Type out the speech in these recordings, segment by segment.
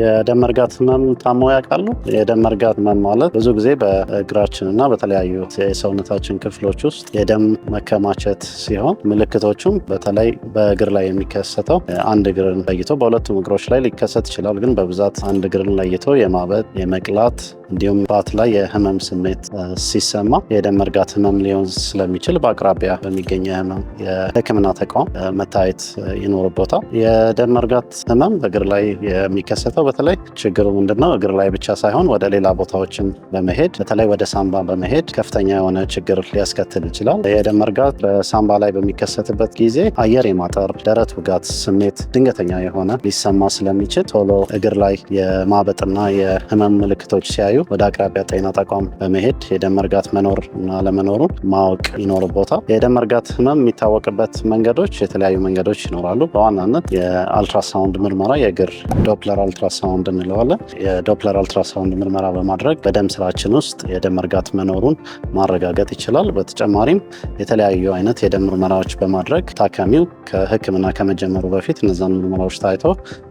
የደም መርጋት ህመም ታሞ ያውቃሉ? የደም መርጋት ህመም ማለት ብዙ ጊዜ በእግራችን እና በተለያዩ የሰውነታችን ክፍሎች ውስጥ የደም መከማቸት ሲሆን ምልክቶቹም በተለይ በእግር ላይ የሚከሰተው አንድ እግርን ለይቶ በሁለቱም እግሮች ላይ ሊከሰት ይችላል። ግን በብዛት አንድ እግርን ለይቶ የማበጥ የመቅላት እንዲሁም ባት ላይ የህመም ስሜት ሲሰማ የደም መርጋት ህመም ሊሆን ስለሚችል በአቅራቢያ በሚገኝ ህመም የህክምና ተቋም መታየት ይኖርበታል። የደም መርጋት ህመም በእግር ላይ የሚከሰተው በተለይ ችግሩ ምንድነው? እግር ላይ ብቻ ሳይሆን ወደ ሌላ ቦታዎችን በመሄድ በተለይ ወደ ሳምባ በመሄድ ከፍተኛ የሆነ ችግር ሊያስከትል ይችላል። የደም መርጋት በሳምባ ላይ በሚከሰትበት ጊዜ አየር የማጠር ደረት ውጋት ስሜት ድንገተኛ የሆነ ሊሰማ ስለሚችል ቶሎ እግር ላይ የማበጥና የህመም ምልክቶች ሲያዩ ሲታዩ ወደ አቅራቢያ ጤና ተቋም በመሄድ የደም እርጋት መኖር እና አለመኖሩን ማወቅ ይኖርቦታል። የደም እርጋት ህመም የሚታወቅበት መንገዶች የተለያዩ መንገዶች ይኖራሉ። በዋናነት የአልትራሳውንድ ምርመራ የእግር ዶፕለር አልትራሳውንድ እንለዋለን። የዶፕለር አልትራሳውንድ ምርመራ በማድረግ በደም ስራችን ውስጥ የደም እርጋት መኖሩን ማረጋገጥ ይችላል። በተጨማሪም የተለያዩ አይነት የደም ምርመራዎች በማድረግ ታካሚው ከህክምና ከመጀመሩ በፊት እነዛን ምርመራዎች ታይቶ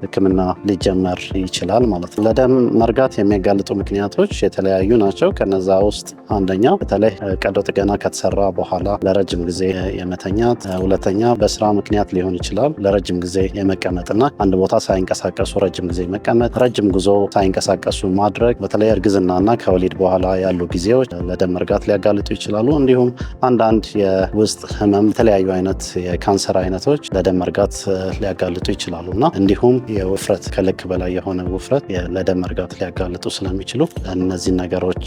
ህክምና ሊጀመር ይችላል ማለት ነው። ለደም መርጋት የሚያጋልጡ ምክንያቶች አይነቶች የተለያዩ ናቸው። ከነዛ ውስጥ አንደኛ በተለይ ቀዶ ጥገና ከተሰራ በኋላ ለረጅም ጊዜ የመተኛት፣ ሁለተኛ በስራ ምክንያት ሊሆን ይችላል ለረጅም ጊዜ የመቀመጥና አንድ ቦታ ሳይንቀሳቀሱ ረጅም ጊዜ መቀመጥ፣ ረጅም ጉዞ ሳይንቀሳቀሱ ማድረግ፣ በተለይ እርግዝናና ከወሊድ በኋላ ያሉ ጊዜዎች ለደም እርጋት ሊያጋልጡ ይችላሉ። እንዲሁም አንዳንድ የውስጥ ህመም፣ የተለያዩ አይነት የካንሰር አይነቶች ለደም እርጋት ሊያጋልጡ ይችላሉ እና እንዲሁም የውፍረት ከልክ በላይ የሆነ ውፍረት ለደም እርጋት ሊያጋልጡ ስለሚችሉ እነዚህን ነገሮች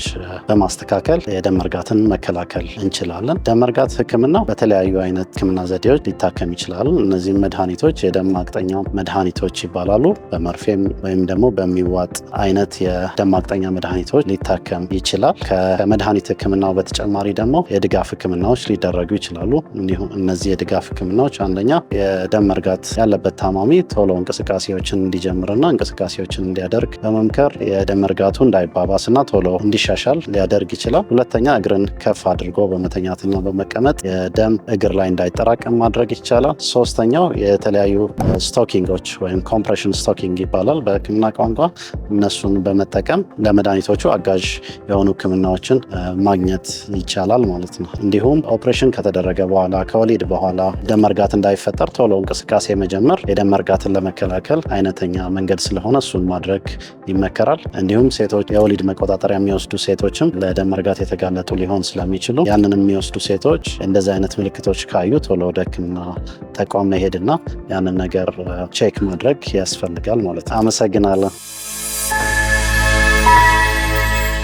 በማስተካከል የደም እርጋትን መከላከል እንችላለን። ደም እርጋት ህክምና በተለያዩ አይነት ህክምና ዘዴዎች ሊታከም ይችላል። እነዚህም መድኃኒቶች የደም ማቅጠኛ መድኃኒቶች ይባላሉ። በመርፌም ወይም ደግሞ በሚዋጥ አይነት የደም ማቅጠኛ መድኃኒቶች ሊታከም ይችላል። ከመድኃኒት ህክምናው በተጨማሪ ደግሞ የድጋፍ ህክምናዎች ሊደረጉ ይችላሉ። እንዲሁም እነዚህ የድጋፍ ህክምናዎች አንደኛ የደም መርጋት ያለበት ታማሚ ቶሎ እንቅስቃሴዎችን እንዲጀምርና እንቅስቃሴዎችን እንዲያደርግ በመምከር የደም እርጋቱ እንዳይባ መባባስና ቶሎ እንዲሻሻል ሊያደርግ ይችላል። ሁለተኛ እግርን ከፍ አድርጎ በመተኛትና በመቀመጥ የደም እግር ላይ እንዳይጠራቀም ማድረግ ይቻላል። ሶስተኛው የተለያዩ ስቶኪንጎች ወይም ኮምፕሬሽን ስቶኪንግ ይባላል በህክምና ቋንቋ። እነሱን በመጠቀም ለመድኃኒቶቹ አጋዥ የሆኑ ህክምናዎችን ማግኘት ይቻላል ማለት ነው። እንዲሁም ኦፕሬሽን ከተደረገ በኋላ ከወሊድ በኋላ ደም መርጋት እንዳይፈጠር ቶሎ እንቅስቃሴ መጀመር የደም መርጋትን ለመከላከል አይነተኛ መንገድ ስለሆነ እሱን ማድረግ ይመከራል። እንዲሁም ሴቶች የወሊድ የሊድ መቆጣጠሪያ የሚወስዱ ሴቶችም ለደም መርጋት የተጋለጡ ሊሆን ስለሚችሉ ያንን የሚወስዱ ሴቶች እንደዚህ አይነት ምልክቶች ካዩ ቶሎ ወደ ሕክምና ተቋም መሄድና ያንን ነገር ቼክ ማድረግ ያስፈልጋል ማለት ነው። አመሰግናለን።